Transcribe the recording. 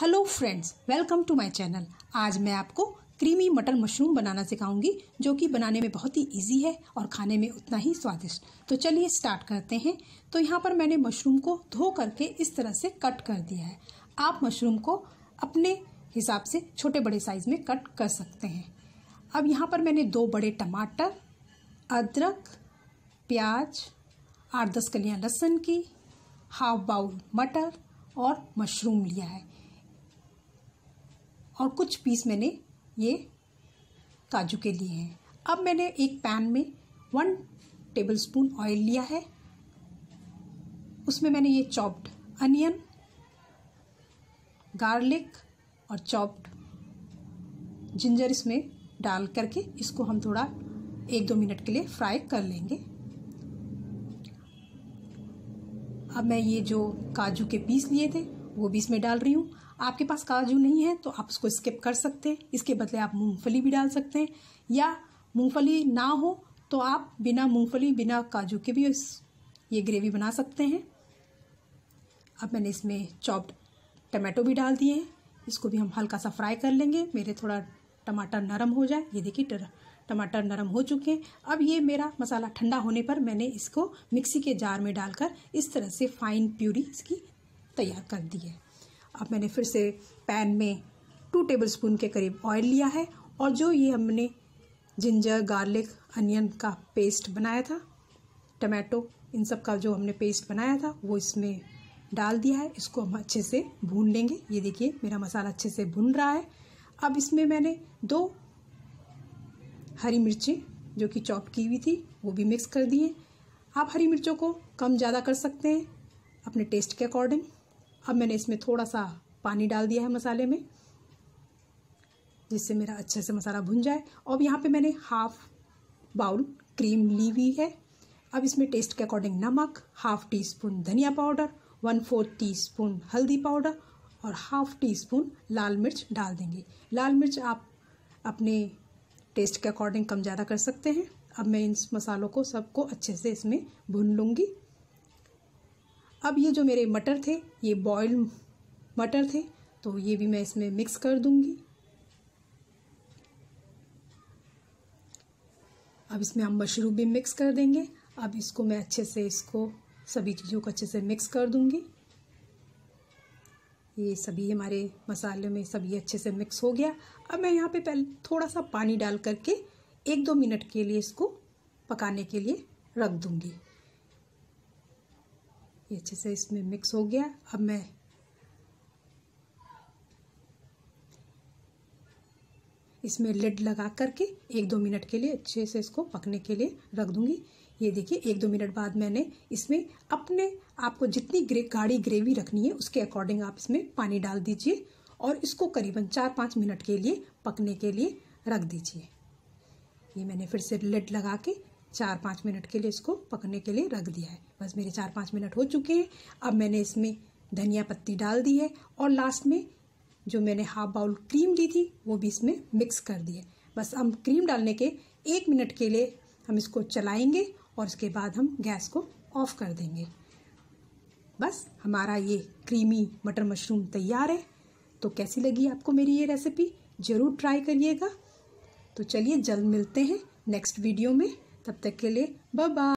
hello friends welcome to my channel आज मैं आपको क्रीमी मटर मशरूम बनाना सिखाऊंगी जो कि बनाने में बहुत ही इजी है और खाने में उतना ही स्वादिष्ट तो चलिए स्टार्ट करते हैं तो यहाँ पर मैंने मशरूम को धो करके इस तरह से कट कर दिया है आप मशरूम को अपने हिसाब से छोटे बड़े साइज़ में कट कर सकते हैं अब यहाँ पर मैंने दो बड़े टमाटर अदरक प्याज आठ दस कलियाँ लहसुन की हाफ बाउल मटर और मशरूम लिया है और कुछ पीस मैंने ये काजू के लिए हैं अब मैंने एक पैन में वन टेबलस्पून ऑयल लिया है उसमें मैंने ये चॉप्ड अनियन गार्लिक और चॉप्ड जिंजर इसमें डाल करके इसको हम थोड़ा एक दो मिनट के लिए फ्राई कर लेंगे अब मैं ये जो काजू के पीस लिए थे वो भी इसमें डाल रही हूँ आपके पास काजू नहीं है तो आप उसको स्किप कर सकते हैं इसके बदले आप मूंगफली भी डाल सकते हैं या मूंगफली ना हो तो आप बिना मूंगफली बिना काजू के भी इस ये ग्रेवी बना सकते हैं अब मैंने इसमें चॉप्ड टमाटो भी डाल दिए हैं इसको भी हम हल्का सा फ्राई कर लेंगे मेरे थोड़ा टमाटर नरम हो जाए ये देखिए टमाटर नरम हो चुके हैं अब ये मेरा मसाला ठंडा होने पर मैंने इसको मिक्सी के जार में डालकर इस तरह से फाइन प्यूरी इसकी तैयार कर दी है अब मैंने फिर से पैन में टू टेबल स्पून के करीब ऑयल लिया है और जो ये हमने जिंजर गार्लिक अनियन का पेस्ट बनाया था टमाटो इन सब का जो हमने पेस्ट बनाया था वो इसमें डाल दिया है इसको हम अच्छे से भून लेंगे ये देखिए मेरा मसाला अच्छे से भून रहा है अब इसमें मैंने दो हरी मिर्ची जो कि चॉप की हुई थी वो भी मिक्स कर दिए आप हरी मिर्चों को कम ज़्यादा कर सकते हैं अपने टेस्ट के अकॉर्डिंग अब मैंने इसमें थोड़ा सा पानी डाल दिया है मसाले में जिससे मेरा अच्छे से मसाला भुन जाए अब यहाँ पे मैंने हाफ बाउल क्रीम ली हुई है अब इसमें टेस्ट के अकॉर्डिंग नमक हाफ टी स्पून धनिया powder one fourth teaspoon हल्दी पाउडर और हाफ टी स्पून लाल मिर्च डाल देंगे लाल मिर्च आप अपने टेस्ट के अकॉर्डिंग कम ज़्यादा कर सकते हैं अब मैं इन मसालों को सबको अच्छे से इसमें भून लूँगी अब ये जो मेरे मटर थे ये बॉयल मटर थे तो ये भी मैं इसमें मिक्स कर दूंगी अब इसमें हम मशरूम भी मिक्स कर देंगे अब इसको मैं अच्छे से इसको सभी चीज़ों को अच्छे से मिक्स कर दूंगी ये सभी हमारे मसाले में सभी अच्छे से मिक्स हो गया अब मैं यहाँ पे पहले थोड़ा सा पानी डाल करके एक दो मिनट के लिए इसको पकाने के लिए रख दूँगी ये अच्छे से इसमें मिक्स हो गया अब मैं इसमें लिड लगा करके एक दो मिनट के लिए अच्छे से इसको पकने के लिए रख दूंगी ये देखिए एक दो मिनट बाद मैंने इसमें अपने आपको जितनी ग्रे, गाढ़ी ग्रेवी रखनी है उसके अकॉर्डिंग आप इसमें पानी डाल दीजिए और इसको करीबन चार पाँच मिनट के लिए पकने के लिए रख दीजिए ये मैंने फिर से लिड लगा के चार पाँच मिनट के लिए इसको पकने के लिए रख दिया है बस मेरे चार पाँच मिनट हो चुके हैं अब मैंने इसमें धनिया पत्ती डाल दी है और लास्ट में जो मैंने हाफ बाउल क्रीम ली थी वो भी इसमें मिक्स कर दी है बस हम क्रीम डालने के एक मिनट के लिए हम इसको चलाएंगे और उसके बाद हम गैस को ऑफ़ कर देंगे बस हमारा ये क्रीमी मटर मशरूम तैयार है तो कैसी लगी आपको मेरी ये रेसिपी ज़रूर ट्राई करिएगा तो चलिए जल्द मिलते हैं नेक्स्ट वीडियो में तब तक के लिए बाय